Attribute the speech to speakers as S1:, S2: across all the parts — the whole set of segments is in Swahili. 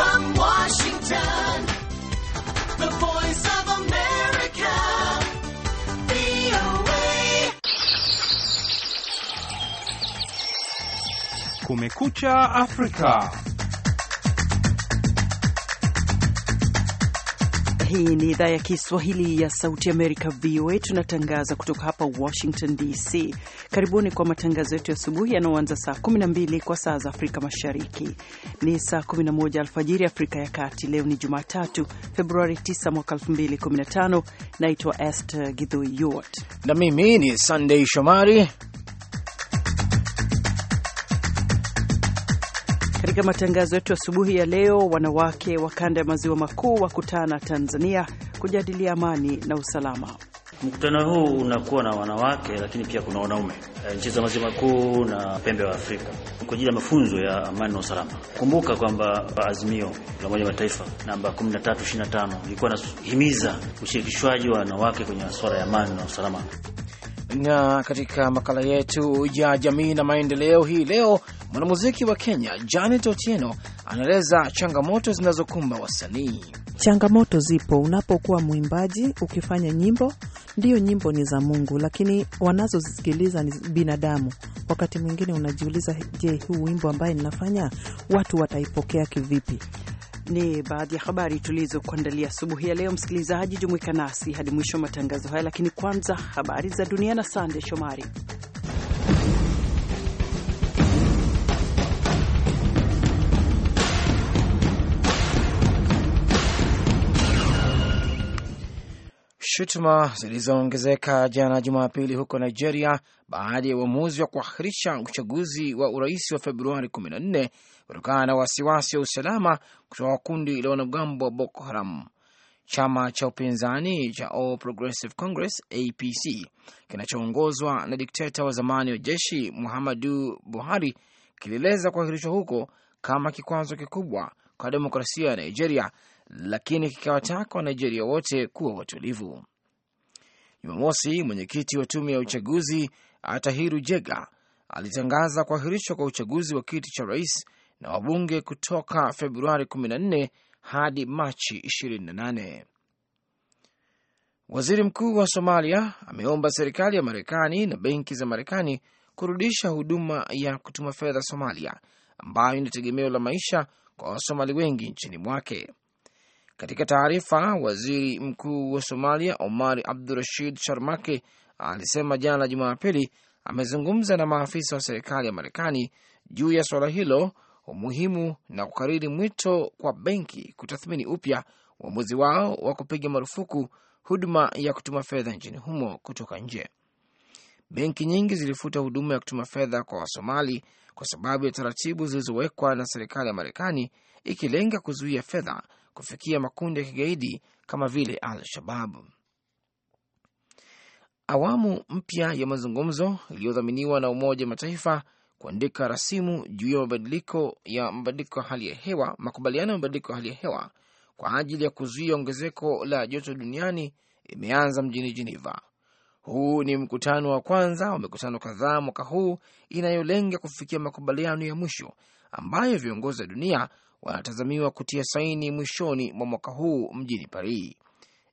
S1: From Washington, the voice of America, VOA.
S2: Kumekucha Afrika.
S3: Hii ni idhaa ya Kiswahili ya Sauti Amerika, VOA. Tunatangaza kutoka hapa Washington DC. Karibuni kwa matangazo yetu ya asubuhi yanayoanza saa 12 kwa saa za Afrika Mashariki, ni saa 11 alfajiri Afrika ya Kati. Leo ni Jumatatu, Februari 9 mwaka 2015. Naitwa Esther Githui na mimi ni Sandei Shomari. Katika matangazo yetu asubuhi ya leo, wanawake wa kanda ya maziwa makuu wakutana Tanzania kujadilia amani na usalama.
S1: Mkutano huu unakuwa na wanawake lakini pia kuna wanaume eh, nchi za maziwa makuu na pembe wa Afrika kwa ajili ya mafunzo ya amani na usalama. Kumbuka kwamba azimio la Umoja Mataifa namba 1325 ilikuwa inahimiza ushirikishwaji wa wanawake kwenye masuala ya amani na usalama.
S4: Na katika makala yetu ya jamii na maendeleo hii leo, mwanamuziki wa Kenya Janet Otieno anaeleza changamoto zinazokumba wasanii.
S5: Changamoto zipo unapokuwa mwimbaji ukifanya nyimbo. Ndiyo, nyimbo ni za Mungu, lakini wanazozisikiliza ni binadamu. Wakati mwingine unajiuliza, je, huu wimbo ambaye ninafanya watu wataipokea kivipi? Ni
S3: baadhi ya habari tulizokuandalia asubuhi ya leo. Msikilizaji, jumuika nasi hadi mwisho wa matangazo haya, lakini kwanza habari za dunia na Sande Shomari.
S4: Shutuma zilizoongezeka jana Jumapili huko Nigeria baada ya uamuzi wa kuahirisha uchaguzi wa urais wa Februari 14 kutokana na wasiwasi wa usalama kutoka kundi la wanamgambo wa Boko Haram. Chama cha upinzani cha All Progressive Congress APC kinachoongozwa na dikteta wa zamani wa jeshi Muhammadu Buhari kilieleza kuahirishwa huko kama kikwazo kikubwa kwa demokrasia ya Nigeria lakini kikawataka Wanigeria wote kuwa watulivu. Jumamosi, mwenyekiti wa tume ya uchaguzi Atahiru Jega alitangaza kuahirishwa kwa uchaguzi wa kiti cha rais na wabunge kutoka Februari 14 hadi Machi 28. Waziri mkuu wa Somalia ameomba serikali ya Marekani na benki za Marekani kurudisha huduma ya kutuma fedha Somalia, ambayo ni tegemeo la maisha kwa Wasomali wengi nchini mwake. Katika taarifa, waziri mkuu wa Somalia Omar Abdurashid Sharmake alisema jana Jumapili amezungumza na maafisa wa serikali ya Marekani juu ya suala hilo umuhimu na kukariri mwito kwa benki kutathmini upya uamuzi wao wa kupiga marufuku huduma ya kutuma fedha nchini humo kutoka nje. Benki nyingi zilifuta huduma ya kutuma fedha kwa Wasomali kwa sababu ya taratibu zilizowekwa na serikali ya Marekani ikilenga kuzuia fedha kufikia makundi ya kigaidi kama vile Al-Shabab. Awamu mpya ya mazungumzo iliyodhaminiwa na Umoja wa Mataifa kuandika rasimu juu ya mabadiliko ya mabadiliko ya hali ya hewa, makubaliano ya mabadiliko ya hali ya hewa kwa ajili ya kuzuia ongezeko la joto duniani imeanza mjini Geneva. Huu ni mkutano wa kwanza wa mikutano kadhaa mwaka huu inayolenga kufikia makubaliano ya mwisho ambayo viongozi wa dunia wanatazamiwa kutia saini mwishoni mwa mwaka huu mjini Paris.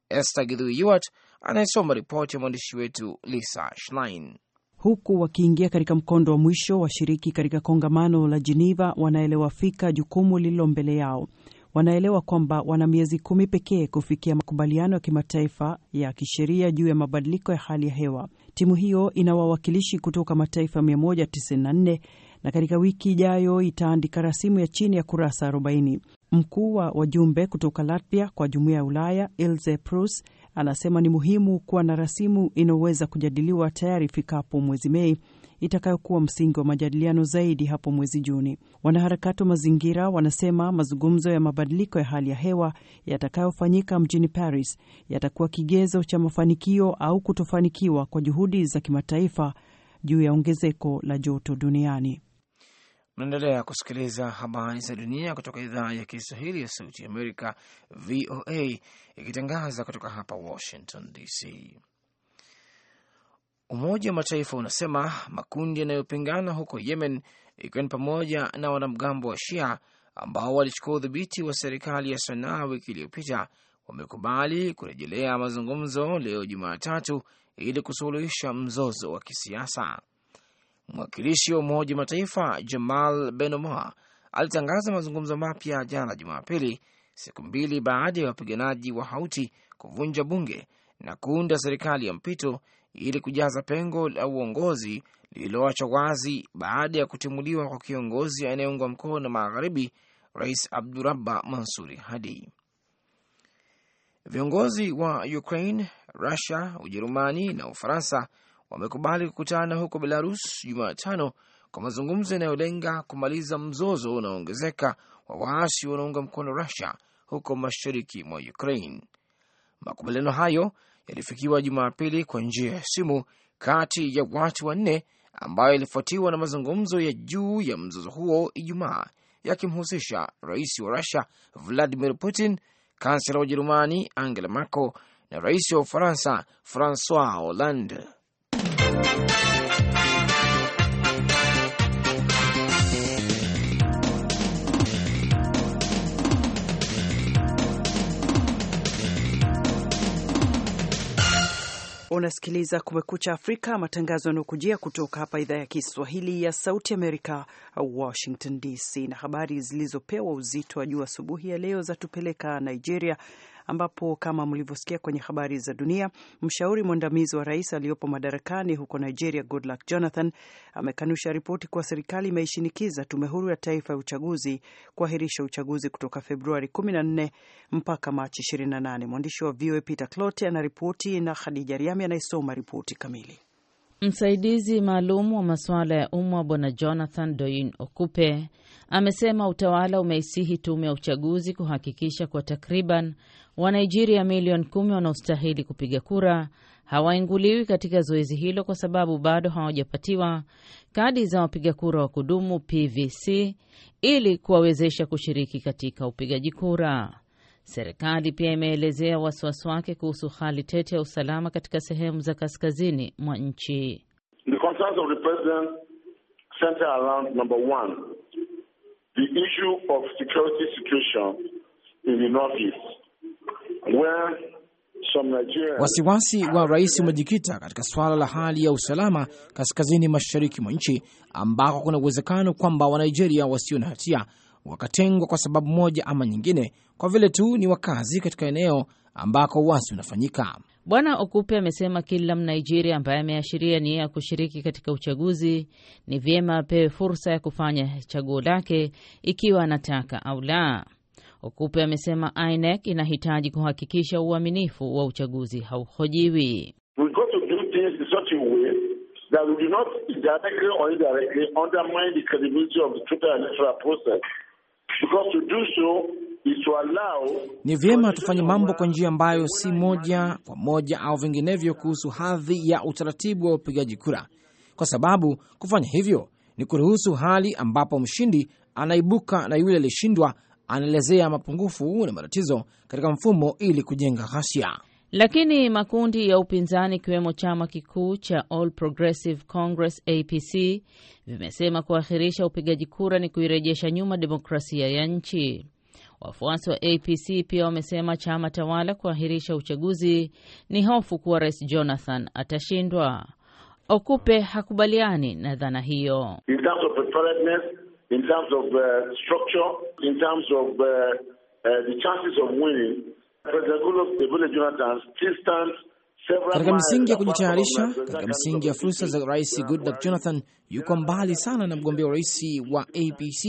S4: Esther Githui Yuart anayesoma ripoti ya mwandishi wetu Lisa Schlein.
S3: Huku wakiingia katika mkondo wa mwisho, washiriki katika kongamano la Jeneva wanaelewa fika jukumu lililo mbele yao. Wanaelewa kwamba wana miezi kumi pekee kufikia makubaliano ya kimataifa ya kisheria juu ya mabadiliko ya hali ya hewa. Timu hiyo ina wawakilishi kutoka mataifa 194 na katika wiki ijayo itaandika rasimu ya chini ya kurasa 40. Mkuu wa wajumbe kutoka Latvia kwa jumuiya ya Ulaya Ilze Prus anasema ni muhimu kuwa na rasimu inayoweza kujadiliwa tayari ifikapo mwezi Mei itakayokuwa msingi wa majadiliano zaidi hapo mwezi Juni. Wanaharakati wa mazingira wanasema mazungumzo ya mabadiliko ya hali ya hewa yatakayofanyika mjini Paris yatakuwa kigezo cha mafanikio au kutofanikiwa kwa juhudi za kimataifa juu ya ongezeko la joto duniani.
S4: Mnaendelea kusikiliza habari za dunia kutoka idhaa ya Kiswahili ya Sauti ya Amerika, VOA, ikitangaza kutoka hapa Washington DC. Umoja wa Mataifa unasema makundi yanayopingana huko Yemen, ikiwa ni pamoja na wanamgambo wa Shia ambao walichukua udhibiti wa serikali ya Sanaa wiki iliyopita, wamekubali kurejelea mazungumzo leo Jumatatu ili kusuluhisha mzozo wa kisiasa. Mwakilishi wa Umoja wa Mataifa Jamal Benomoa alitangaza mazungumzo mapya jana Jumapili, siku mbili baada ya wapiganaji wa Hauti kuvunja bunge na kuunda serikali ya mpito ili kujaza pengo la uongozi lililoachwa wazi baada ya kutimuliwa kwa kiongozi anayeungwa mkono na magharibi Rais Abdurabba Mansuri Hadi. Viongozi wa Ukraine, Rusia, Ujerumani na Ufaransa wamekubali kukutana huko Belarus Jumatano kwa mazungumzo yanayolenga kumaliza mzozo unaoongezeka wa waasi wanaunga mkono Rusia huko mashariki mwa Ukraine. Makubaliano hayo yalifikiwa Jumapili kwa njia ya simu kati ya watu wanne, ambayo yalifuatiwa na mazungumzo ya juu ya mzozo huo Ijumaa, yakimhusisha rais wa Rusia Vladimir Putin, kansela wa Ujerumani Angela Merkel na rais wa Ufaransa Francois Hollande.
S3: Unasikiliza Kumekucha Afrika, matangazo yanayokujia kutoka hapa idhaa ya Kiswahili ya Sauti Amerika, Washington DC. Na habari zilizopewa uzito wa juu asubuhi ya leo za tupeleka Nigeria, ambapo kama mlivyosikia kwenye habari za dunia, mshauri mwandamizi wa rais aliyopo madarakani huko Nigeria, Goodluck Jonathan, amekanusha ripoti kuwa serikali imeishinikiza tume huru ya taifa ya uchaguzi kuahirisha uchaguzi kutoka Februari 14 mpaka Machi 28. Mwandishi wa VOA Peter Clote anaripoti na Khadija Riami anayesoma ripoti kamili.
S6: Msaidizi maalum wa masuala ya umma Bwana Jonathan Doyin Okupe amesema utawala umeisihi tume ya uchaguzi kuhakikisha kwa takriban Wanigeria milioni kumi wanaostahili kupiga kura hawainguliwi katika zoezi hilo kwa sababu bado hawajapatiwa kadi za wapiga kura wa kudumu PVC ili kuwawezesha kushiriki katika upigaji kura. Serikali pia imeelezea wasiwasi wake kuhusu hali tete ya usalama katika sehemu za kaskazini mwa nchi. The Wasiwasi
S4: wa rais umejikita katika suala la hali ya usalama kaskazini mashariki mwa nchi ambako kuna uwezekano kwamba Wanigeria wasio na hatia wakatengwa kwa sababu moja ama nyingine kwa vile tu ni wakazi katika eneo ambako uasi unafanyika.
S6: Bwana Okupe amesema kila Mnigeria ambaye ameashiria nia ya kushiriki katika uchaguzi ni vyema apewe fursa ya kufanya chaguo lake ikiwa anataka au la. Okupe amesema INEC inahitaji kuhakikisha uaminifu wa uchaguzi hauhojiwi.
S4: Ni vyema tufanye mambo kwa njia ambayo si moja kwa moja au vinginevyo kuhusu hadhi ya utaratibu wa upigaji kura, kwa sababu kufanya hivyo ni kuruhusu hali ambapo mshindi anaibuka na yule aliyeshindwa anaelezea mapungufu na matatizo katika mfumo ili kujenga ghasia.
S6: Lakini makundi ya upinzani ikiwemo chama kikuu cha All Progressive Congress APC vimesema kuahirisha upigaji kura ni kuirejesha nyuma demokrasia ya nchi. Wafuasi wa APC pia wamesema chama tawala kuahirisha uchaguzi ni hofu kuwa Rais Jonathan atashindwa. Okupe hakubaliani na dhana hiyo in terms of uh, structure, in terms of uh, uh, the chances of winning, President Goodluck Jonathan still stands katika misingi ya kujitayarisha, katika
S4: misingi ya fursa za Rais Goodluck Jonathan yuko mbali sana na mgombea wa rais wa APC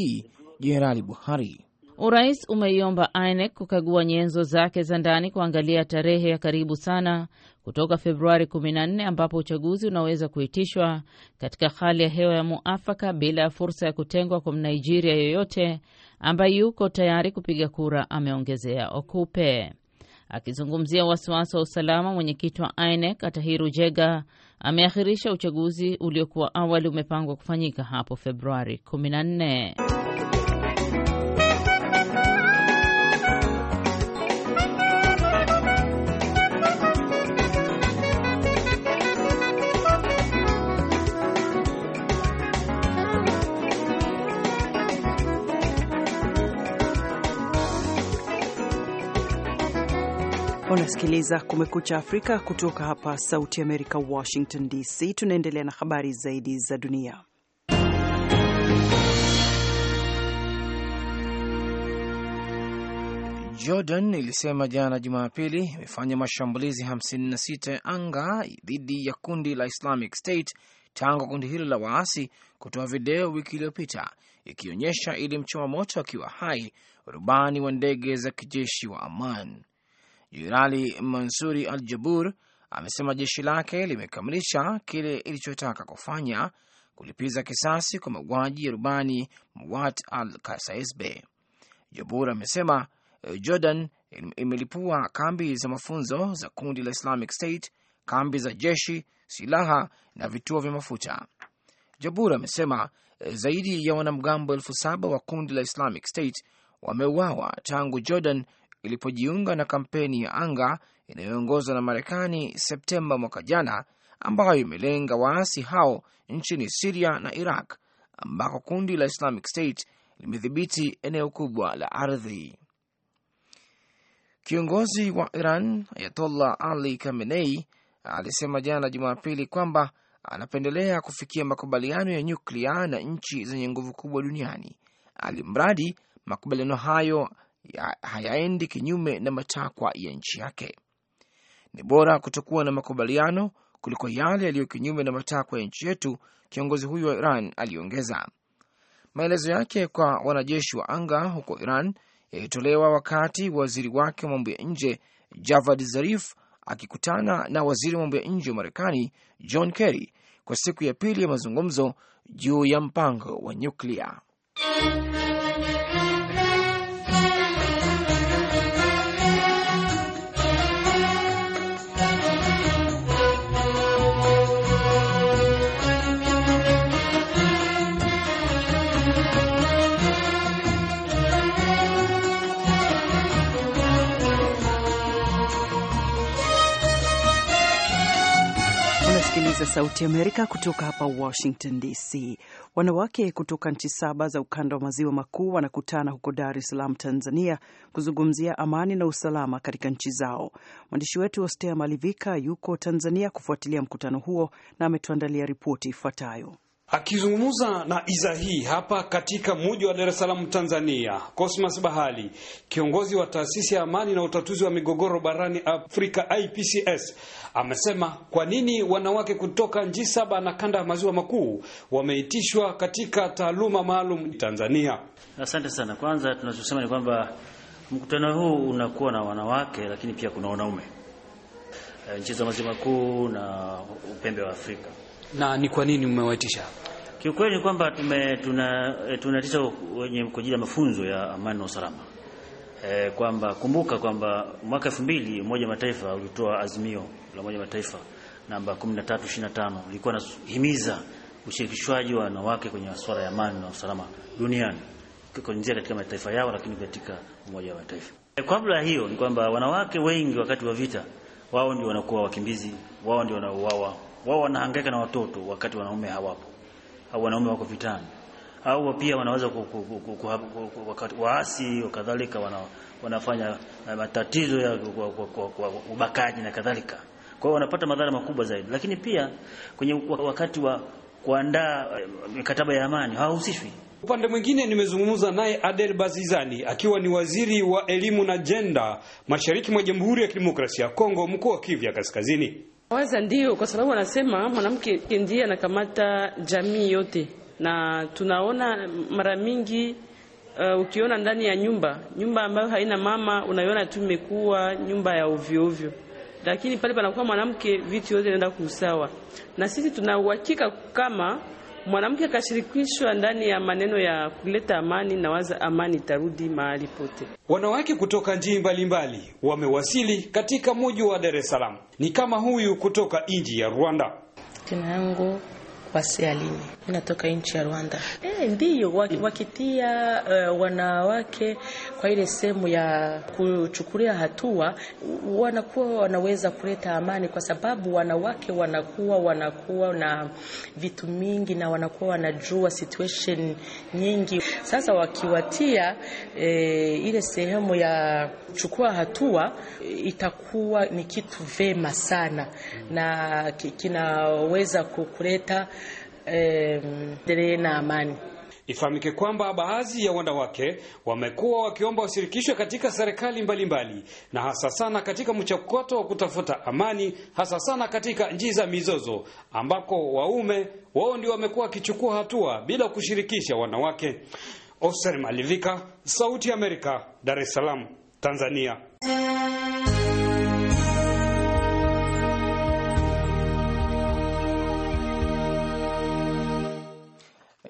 S4: Jenerali Buhari.
S6: Urais umeiomba INEC kukagua nyenzo zake za ndani kuangalia tarehe ya karibu sana kutoka Februari 14 ambapo uchaguzi unaweza kuitishwa katika hali ya hewa ya muafaka bila ya fursa ya kutengwa kwa Mnaijeria yoyote ambaye yuko tayari kupiga kura, ameongezea Okupe. Akizungumzia wasiwasi wa usalama, mwenyekiti wa INEC Atahiru Jega ameahirisha uchaguzi uliokuwa awali umepangwa kufanyika hapo Februari 14.
S3: Unasikiliza Kumekucha Afrika kutoka hapa Sauti Amerika, Washington DC. Tunaendelea na habari zaidi za dunia.
S4: Jordan ilisema jana Jumapili imefanya mashambulizi 56 ya anga dhidi ya kundi la Islamic State tangu kundi hilo la waasi kutoa video wiki iliyopita ikionyesha ilimchoma moto akiwa hai rubani wa ndege za kijeshi wa aman Jenerali Mansuri Al Jabur amesema jeshi lake limekamilisha kile ilichotaka kufanya kulipiza kisasi kwa mauaji ya rubani Muwat Al Kasaisbe. Jabur amesema eh, Jordan imelipua kambi za mafunzo za kundi la Islamic State, kambi za jeshi, silaha na vituo vya mafuta. Jabur amesema eh, zaidi ya wanamgambo elfu saba wa kundi la Islamic State wameuawa tangu Jordan ilipojiunga na kampeni ya anga inayoongozwa na Marekani Septemba mwaka jana, ambayo imelenga waasi hao nchini Siria na Iraq, ambako kundi la Islamic State limedhibiti eneo kubwa la ardhi. Kiongozi wa Iran Ayatollah Ali Khamenei alisema jana Jumapili kwamba anapendelea kufikia makubaliano ya nyuklia na nchi zenye nguvu kubwa duniani, alimradi makubaliano hayo hayaendi kinyume na matakwa ya nchi yake. Ni bora kutokuwa na makubaliano kuliko yale yaliyo kinyume na matakwa ya nchi yetu, kiongozi huyu wa Iran aliongeza. Maelezo yake kwa wanajeshi wa anga huko Iran yalitolewa wakati waziri wake wa mambo ya nje Javad Zarif akikutana na waziri wa mambo ya nje wa Marekani John Kerry kwa siku ya pili ya mazungumzo juu ya mpango wa nyuklia.
S3: Sauti Amerika kutoka hapa Washington DC. Wanawake kutoka nchi saba za ukanda wa maziwa makuu wanakutana huko Dar es Salaam, Tanzania, kuzungumzia amani na usalama katika nchi zao. Mwandishi wetu Ostea Malivika yuko Tanzania kufuatilia mkutano huo na ametuandalia ripoti ifuatayo.
S7: Akizungumza na iza hii hapa katika mji wa Dar es Salaam Tanzania, Cosmas Bahali, kiongozi wa taasisi ya amani na utatuzi wa migogoro barani Afrika IPCS, amesema kwa nini wanawake kutoka nchi saba na kanda ya maziwa makuu wameitishwa katika taaluma maalum Tanzania. Asante sana. Kwanza tunachosema ni kwamba mkutano huu unakuwa
S1: na wanawake, lakini pia kuna wanaume eh, nchi za maziwa makuu na upembe wa Afrika na ni kwa nini mmewaitisha hapa? Kiukweli ni kwamba e, tunatisha wenye kwa ajili ya mafunzo ya amani na usalama e, kwamba kumbuka kwamba mwaka 2000 Umoja Mataifa ulitoa azimio la Umoja Mataifa namba 1325 ilikuwa nahimiza ushirikishwaji wa wanawake kwenye masuala ya amani na usalama duniani kuanzia katika mataifa yao, lakini katika Umoja wa Mataifa. E, kabla ya hiyo ni kwamba wanawake wengi wakati wa vita wao ndio wanakuwa wakimbizi, wao ndio wanaouawa wao wanahangaika na watoto wakati wanaume hawapo, au wanaume wako vitani, au pia wanaweza waasi wakadhalika, wana, wanafanya matatizo ya ubakaji na kadhalika. Kwa hiyo wanapata madhara makubwa zaidi, lakini pia kwenye wakati wa kuandaa mikataba ya amani hawahusishwi.
S7: Upande mwingine nimezungumza naye Adel Bazizani akiwa ni waziri wa elimu na jenda mashariki mwa Jamhuri ya Kidemokrasia ya Kongo, mkoa wa Kivu ya Kaskazini.
S6: Waza ndio, kwa sababu wanasema mwanamke ndiye anakamata jamii yote, na tunaona mara mingi uh, ukiona ndani ya nyumba nyumba ambayo haina mama, unaiona
S3: tu imekuwa nyumba ya ovyo ovyo, lakini pale panakuwa mwanamke, vitu yote inaenda kuusawa, na sisi tuna uhakika kama mwanamke akashirikishwa ndani ya maneno
S7: ya kuleta amani, na waza amani itarudi mahali pote. Wanawake kutoka njii mbalimbali wamewasili katika mji wa Dar es Salaam, ni kama huyu kutoka nji ya Rwanda.
S6: Jina yangu kuanzia lini? Natoka nchi ya Rwanda. E, ndiyo mm. wakitia uh, wanawake kwa ile sehemu ya kuchukulia hatua, wanakuwa wanaweza kuleta amani, kwa sababu wanawake wanakuwa wanakuwa na vitu mingi na wanakuwa wanajua situation nyingi. Sasa wakiwatia eh, ile sehemu ya kuchukua hatua itakuwa ni kitu vema sana mm. na kinaweza kuleta eh, na amani. Ifahamike
S7: kwamba baadhi ya wanawake wamekuwa wakiomba washirikishwe katika serikali mbalimbali na hasa sana katika mchakato wa kutafuta amani, hasa sana katika njii za mizozo ambako waume wao ndio wamekuwa wakichukua hatua bila kushirikisha wanawake. Oser Malivika, Sauti ya Amerika, Dar es Salaam, Tanzania.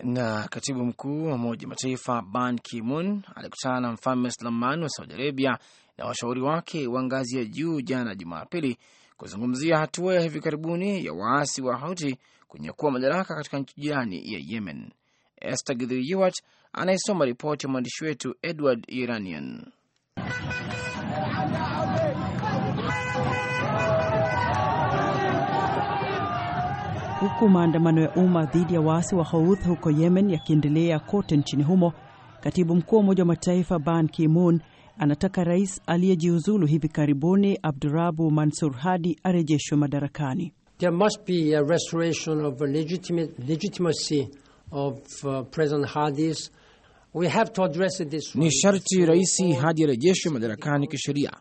S4: Na katibu mkuu wa Umoja Mataifa Ban Ki-moon alikutana na mfalme wa Salman wa Saudi Arabia na washauri wake wa ngazi ya juu jana Jumapili kuzungumzia hatua ya hivi karibuni ya waasi wa Houthi kunyakua madaraka katika nchi jirani ya Yemen. Esther Githuiwat anayesoma ripoti ya mwandishi wetu Edward Iranian.
S3: huku maandamano ya umma dhidi ya waasi wa Houth huko Yemen yakiendelea kote nchini humo, katibu mkuu wa Umoja wa Mataifa Ban Ki-moon anataka rais aliyejiuzulu hivi karibuni Abdurabu Mansur Hadi arejeshwe madarakani.
S4: There must be a restoration of legitimacy of uh, President Hadi's. We have to address this Ni sharti rais Hadi arejeshwe madarakani kisheria.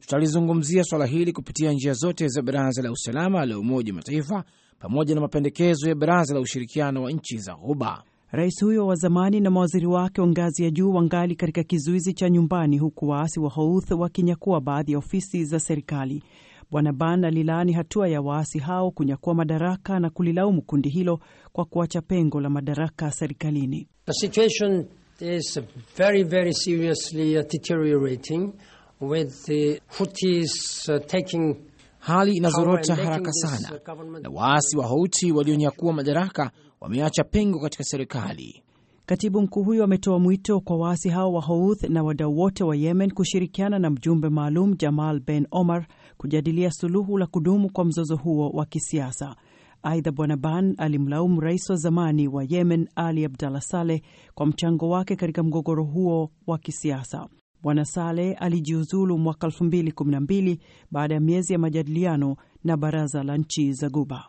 S4: Tutalizungumzia swala hili kupitia njia zote za Baraza la Usalama la Umoja wa Mataifa pamoja na mapendekezo ya baraza la ushirikiano wa nchi za Ghuba. Rais huyo wa
S3: zamani na mawaziri wake wa ngazi ya juu wangali katika kizuizi cha nyumbani, huku waasi wa Houth wakinyakua baadhi ya ofisi za serikali. Bwana Ban alilaani hatua ya waasi hao kunyakua madaraka na kulilaumu kundi hilo kwa kuacha pengo la madaraka serikalini.
S4: The situation is very, very seriously deteriorating with the Houthis uh, taking hali inazorota haraka sana, uh, na waasi wa Houthi walionyakua madaraka wameacha pengo katika serikali.
S3: Katibu mkuu huyo ametoa mwito kwa waasi hao wa Houth na wadau wote wa Yemen kushirikiana na mjumbe maalum Jamal Ben Omar kujadilia suluhu la kudumu kwa mzozo huo wa kisiasa. Aidha, Bwana Ban alimlaumu rais wa zamani wa Yemen Ali Abdallah Saleh kwa mchango wake katika mgogoro huo wa kisiasa. Bwana Sale alijiuzulu mwaka 2012 baada ya miezi ya majadiliano na baraza la nchi za Guba.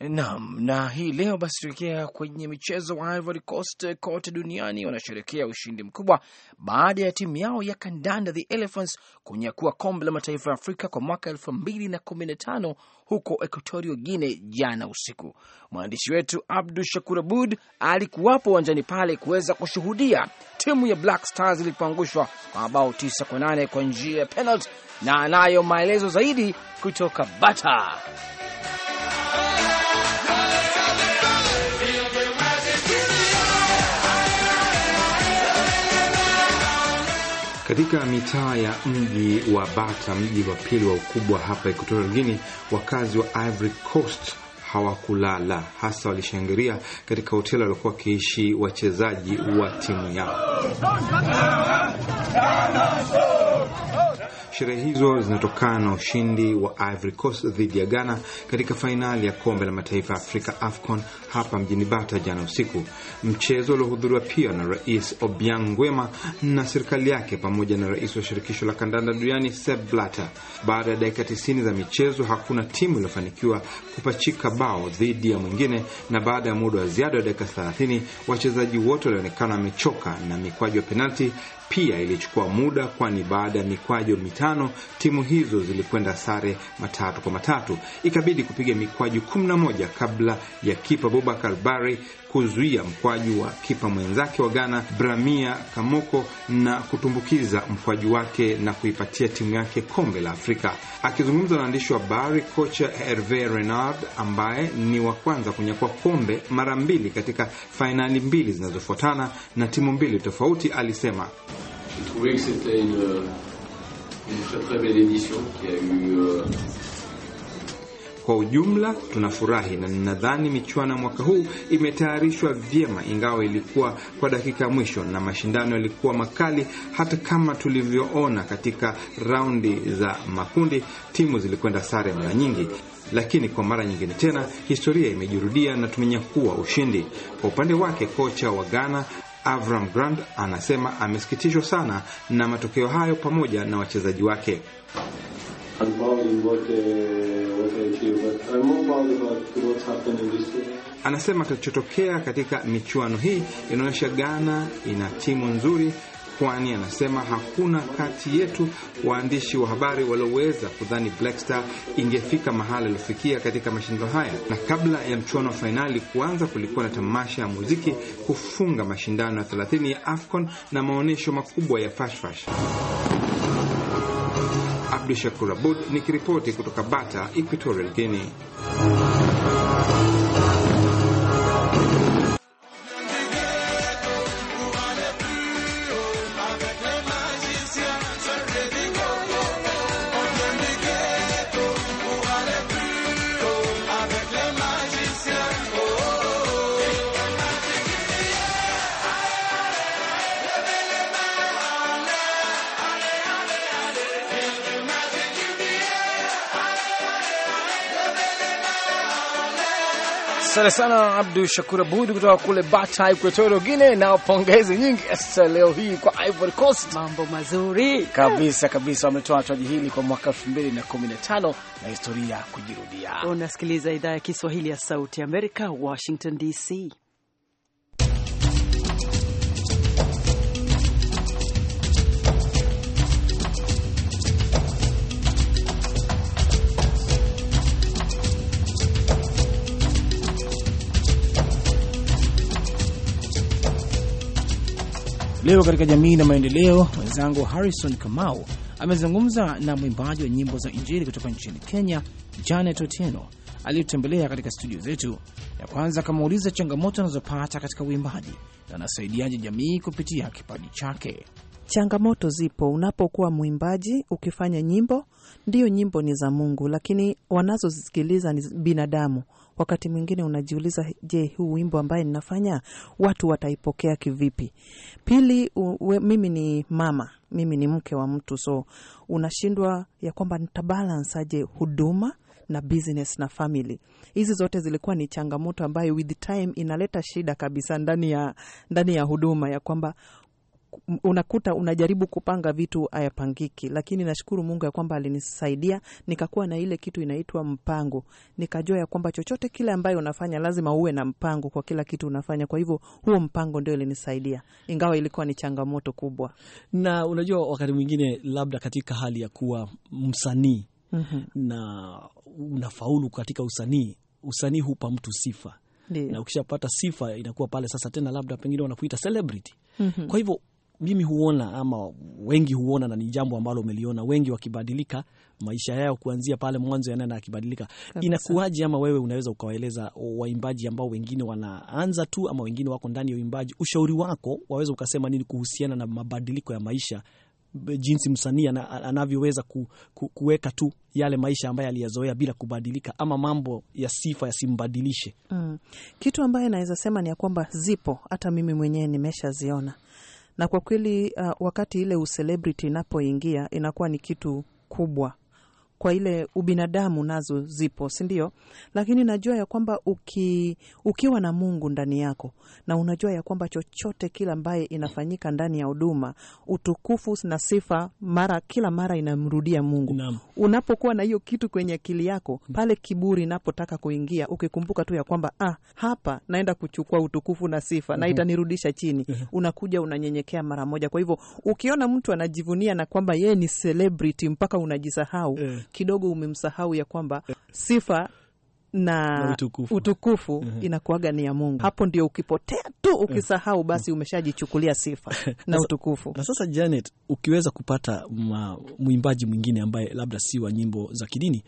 S4: Naam, na hii leo basi tuelekea kwenye michezo. Wa Ivory Coast kote duniani wanasherekea ushindi mkubwa baada ya timu yao ya kandanda the Elephants kunyakua kombe la mataifa ya Afrika kwa mwaka elfu mbili na kumi na tano huko Equatorio Guine jana usiku. Mwandishi wetu Abdu Shakur Abud alikuwapo uwanjani pale kuweza kushuhudia timu ya Black Stars ilipoangushwa kwa mabao tisa kwa nane kwa njia ya penalty, na anayo maelezo zaidi kutoka Bata.
S2: Katika mitaa ya mji wa Bata, mji wa pili wa ukubwa hapa Equatoria Guinea, wakazi wa Ivory Coast hawakulala, hasa walishangilia katika hoteli waliokuwa wakiishi wachezaji wa timu yao. Sherehe hizo zinatokana na ushindi wa Ivory Coast dhidi ya Ghana katika fainali ya kombe la mataifa ya Afrika AFCON hapa mjini Bata jana usiku, mchezo uliohudhuriwa pia na Rais Obiang Nguema na serikali yake pamoja na rais wa shirikisho la kandanda duniani Sepp Blatter. Baada ya dakika 90 za michezo, hakuna timu iliyofanikiwa kupachika bao dhidi ya mwingine, na baada ya muda wa ziada wa dakika 30 wachezaji wote walionekana wamechoka na mikwaju ya penalti pia ilichukua muda, kwani baada ya mikwaju mitano timu hizo zilikwenda sare matatu kwa matatu. Ikabidi kupiga mikwaju 11 kabla ya kipa Bubakar Bari kuzuia mkwaju wa kipa mwenzake wa Ghana Bramia Kamoko na kutumbukiza mkwaju wake na kuipatia timu yake kombe la Afrika. Akizungumza na waandishi wa habari, kocha Herve Renard ambaye ni wa kwanza kunyakua kombe mara mbili katika fainali mbili zinazofuatana na timu mbili tofauti, alisema
S8: Je
S2: kwa ujumla tunafurahi na ninadhani michuano ya mwaka huu imetayarishwa vyema, ingawa ilikuwa kwa dakika mwisho na mashindano yalikuwa makali. Hata kama tulivyoona katika raundi za makundi, timu zilikwenda sare mara nyingi lakini kwa mara nyingine tena historia imejirudia na tumenyakua ushindi. Kwa upande wake, kocha wa Ghana Avram Grant anasema amesikitishwa sana na matokeo hayo pamoja na wachezaji wake
S8: and about what, uh, eh, what I achieve, but I'm more proud about what's happened in this tour.
S2: Anasema kilichotokea katika michuano hii inaonyesha Ghana ina timu nzuri, kwani anasema hakuna kati yetu waandishi wa habari walioweza kudhani Black Star ingefika mahali aliofikia katika mashindano haya. Na kabla ya mchuano wa fainali kuanza, kulikuwa na tamasha ya muziki kufunga mashindano ya 30 ya AFCON na maonyesho makubwa ya fashfash. Abdu Shakur Abud nikiripoti kutoka Bata, Equatorial Guinea.
S4: Asante sana Abdu Shakur Abud kutoka kule Bata, Equatorial Guinea, na pongezi nyingi sasa leo hii kwa Ivory Coast. Mambo mazuri kabisa kabisa, wametoa taji hili kwa mwaka 2015 na historia kujirudia. Unasikiliza
S3: idhaa ya Kiswahili ya Sauti ya Amerika, Washington DC.
S4: Leo katika jamii na maendeleo, mwenzangu Harrison Kamau amezungumza na mwimbaji wa nyimbo za injili kutoka nchini Kenya, Janet Otieno aliyotembelea katika studio zetu, na kwanza akamuuliza changamoto anazopata katika uimbaji na anasaidiaje jamii kupitia kipaji chake.
S5: Changamoto zipo unapokuwa mwimbaji, ukifanya nyimbo, ndiyo nyimbo ni za Mungu, lakini wanazozisikiliza ni binadamu Wakati mwingine unajiuliza, je, huu wimbo ambaye ninafanya watu wataipokea kivipi? Pili, uwe, mimi ni mama, mimi ni mke wa mtu, so unashindwa ya kwamba nitabalance aje huduma na business na family. Hizi zote zilikuwa ni changamoto ambayo with time inaleta shida kabisa ndani ya, ndani ya huduma ya kwamba unakuta unajaribu kupanga vitu ayapangiki lakini nashukuru Mungu ya kwamba alinisaidia nikakuwa na ile kitu inaitwa mpango. Nikajua ya kwamba chochote kile ambayo unafanya lazima uwe na mpango kwa kila kitu unafanya. Kwa hivyo huo mpango ndio ilinisaidia, ingawa ilikuwa ni changamoto kubwa.
S8: Na unajua wakati mwingine labda katika hali ya kuwa msanii mm -hmm. na unafaulu katika usanii, usanii hupa mtu sifa Ndiyo. na ukishapata sifa inakuwa pale sasa tena labda pengine wanakuita celebrity
S1: mm -hmm. kwa hivyo
S8: mimi huona ama wengi huona, na ni jambo ambalo umeliona wengi wakibadilika maisha yao kuanzia pale mwanzo yanaenda akibadilika. Inakuwaje ama wewe unaweza ukawaeleza waimbaji ambao wengine wanaanza tu ama wengine wako ndani ya uimbaji, ushauri wako waweza ukasema nini kuhusiana na mabadiliko ya maisha, jinsi msanii anavyoweza ku, ku, kuweka tu yale maisha ambayo aliyazoea bila kubadilika, ama mambo ya sifa yasimbadilishe?
S5: Mm. Kitu ambayo naweza sema ni ya kwamba zipo, hata mimi mwenyewe nimeshaziona na kwa kweli uh, wakati ile ucelebrity inapoingia inakuwa ni kitu kubwa kwa ile ubinadamu nazo zipo, si ndio? Lakini najua ya kwamba uki, ukiwa na Mungu ndani yako na unajua ya kwamba chochote kila ambaye inafanyika ndani ya huduma, utukufu na sifa mara kila mara inamrudia Mungu. Naam. Unapokuwa na hiyo kitu kwenye akili yako, pale kiburi inapotaka kuingia, ukikumbuka tu ya kwamba ah, hapa naenda kuchukua utukufu na sifa mm -hmm. na mhm. itanirudisha chini, mm -hmm. unakuja unanyenyekea mara moja. Kwa hivyo ukiona mtu anajivunia na kwamba yeye ni celebrity mpaka unajisahau, mm -hmm kidogo umemsahau ya kwamba sifa na, na utukufu, utukufu mm -hmm. inakuaga ni ya Mungu. Mhm. Hapo ndio ukipotea tu mhm. ukisahau, basi mhm. umeshajichukulia sifa na
S8: utukufu. Na sasa, Janet, ukiweza kupata mwimbaji mwingine ambaye labda si wa nyimbo za kidini,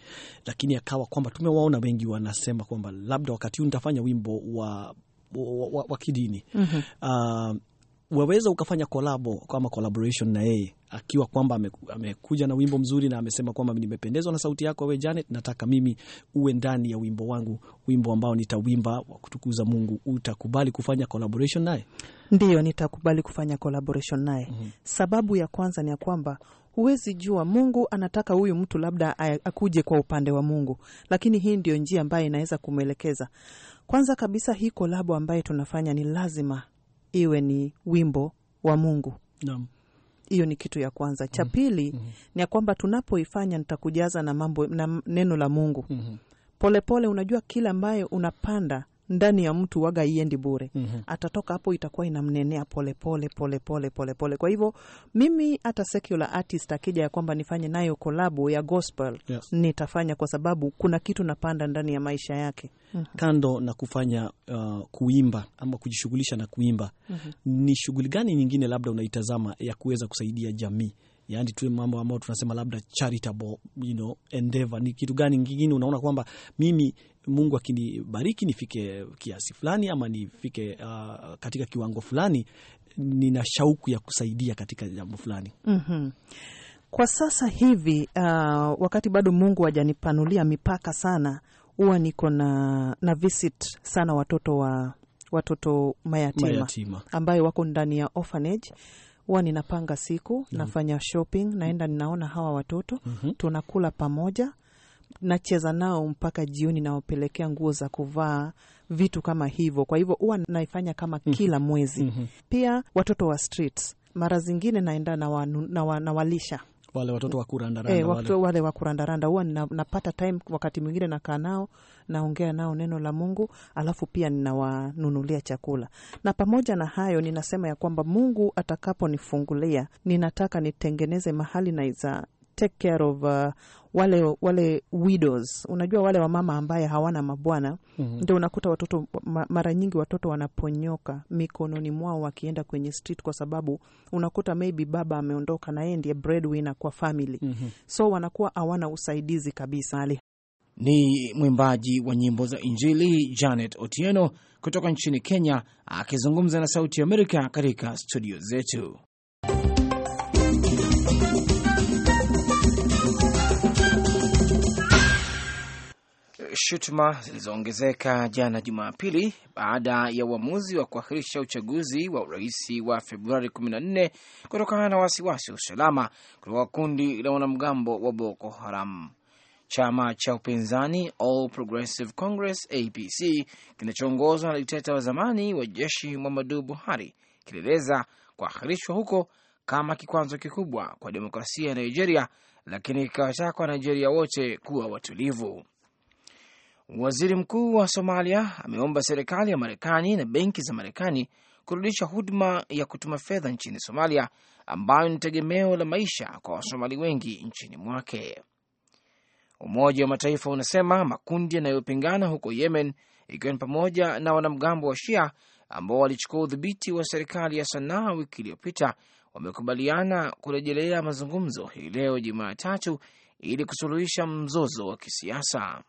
S8: lakini akawa kwamba tumewaona wengi wanasema kwamba labda wakati huu nitafanya wimbo wa wa, wa, wa kidini mm -hmm. uh, waweza ukafanya kolabo kama collaboration na yeye akiwa kwamba amekuja ame na wimbo mzuri na amesema kwamba nimependezwa na sauti yako wewe Janet, nataka mimi uwe ndani ya wimbo wangu, wimbo ambao nitawimba wa kutukuza Mungu. Utakubali kufanya collaboration naye?
S5: Ndiyo, nitakubali kufanya collaboration naye. mm -hmm. Sababu ya kwanza ni ya kwamba huwezi jua Mungu anataka huyu mtu labda akuje kwa upande wa Mungu, lakini hii ndio njia ambayo inaweza kumwelekeza. Kwanza kabisa, hii kolabo ambayo tunafanya ni lazima iwe ni wimbo wa Mungu. Hiyo ni kitu ya kwanza. Cha mm-hmm. pili mm -hmm. ni ya kwamba tunapoifanya nitakujaza na mambo na neno la Mungu mm -hmm. Polepole unajua kila ambayo unapanda ndani ya mtu waga iendi bure. mm -hmm. Atatoka hapo, itakuwa inamnenea polepole polepole polepole. Kwa hivyo mimi hata secular artist akija ya kwamba nifanye nayo kolabo ya gospel yes. Nitafanya kwa sababu kuna kitu napanda ndani ya maisha yake.
S8: mm -hmm. Kando na kufanya uh, kuimba ama kujishughulisha na kuimba, mm -hmm. ni shughuli gani nyingine labda unaitazama ya kuweza kusaidia jamii yani tuwe mambo ambayo tunasema labda charitable you know, endeavor. Ni kitu gani kingine unaona kwamba mimi Mungu akinibariki nifike kiasi fulani ama nifike uh, katika kiwango fulani, nina shauku ya kusaidia katika jambo fulani
S5: mm -hmm. Kwa sasa hivi uh, wakati bado Mungu hajanipanulia mipaka sana, huwa niko na na visit sana watoto wa watoto mayatima, mayatima ambayo wako ndani ya orphanage huwa ninapanga siku mm -hmm. nafanya shopping, naenda ninaona hawa watoto mm -hmm. tunakula pamoja nacheza nao mpaka jioni, nawapelekea nguo za kuvaa, vitu kama hivyo. Kwa hivyo huwa naifanya kama mm-hmm. kila mwezi mm -hmm. Pia watoto wa streets mara zingine naenda nawalisha na
S8: wale watoto wa kurandaranda, e, wale
S5: wa kurandaranda huwa napata time wakati mwingine nakaa nao naongea nao neno la Mungu, alafu pia ninawanunulia chakula. Na pamoja na hayo, ninasema ya kwamba Mungu atakaponifungulia, ninataka nitengeneze mahali naiza take care of uh, wale wale widows, unajua wale wamama ambaye hawana mabwana mm -hmm. Ndio unakuta watoto ma, mara nyingi watoto wanaponyoka mikononi mwao wakienda kwenye street, kwa sababu unakuta maybe baba ameondoka na yeye ndiye breadwinner kwa family
S4: mm -hmm. So wanakuwa hawana usaidizi kabisa ali ni mwimbaji wa nyimbo za Injili Janet Otieno kutoka nchini Kenya akizungumza na Sauti Amerika katika studio zetu. shutuma zilizoongezeka jana Jumapili baada ya uamuzi wa kuahirisha uchaguzi wa urais wa Februari 14 kutokana na wasiwasi wa usalama kutoka kundi la wanamgambo wa Boko Haram. Chama cha upinzani All Progressive Congress APC kinachoongozwa na dikteta wa zamani wa jeshi Muhammadu Buhari kilieleza kuahirishwa huko kama kikwazo kikubwa kwa demokrasia ya Nigeria, lakini kikawatakwa Nigeria wote kuwa watulivu. Waziri mkuu wa Somalia ameomba serikali ya Marekani na benki za Marekani kurudisha huduma ya kutuma fedha nchini Somalia, ambayo ni tegemeo la maisha kwa Wasomali wengi nchini mwake. Umoja wa Mataifa unasema makundi yanayopingana huko Yemen, ikiwa ni pamoja na wanamgambo wa Shia ambao walichukua udhibiti wa serikali ya Sanaa wiki iliyopita, wamekubaliana kurejelea mazungumzo hii leo Jumatatu ili kusuluhisha mzozo wa kisiasa.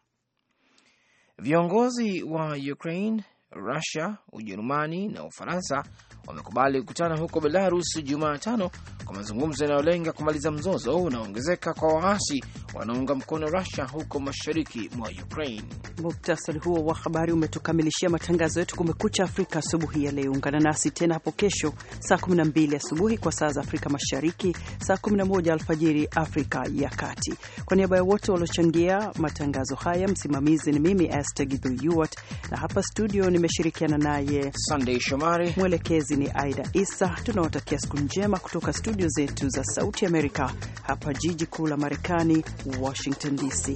S4: Viongozi wa Ukraine Rusia, Ujerumani na Ufaransa wamekubali kukutana huko Belarus Jumatano kwa mazungumzo yanayolenga kumaliza mzozo unaoongezeka kwa waasi wanaunga mkono Rusia huko mashariki mwa Ukraine.
S3: Muktasari huo wa habari umetukamilishia matangazo yetu Kumekucha Afrika asubuhi ya leo. Ungana nasi tena hapo kesho saa 12 asubuhi kwa saa za Afrika Mashariki, saa 11 alfajiri Afrika ya Kati. Kwa niaba ya wote waliochangia matangazo haya, msimamizi ni mimi Esther Githuwat na hapa studio nimeshirikiana naye sandey Shomari, mwelekezi ni Aida Isa. Tunawatakia siku njema kutoka studio zetu za Sauti Amerika hapa jiji kuu la Marekani, Washington DC.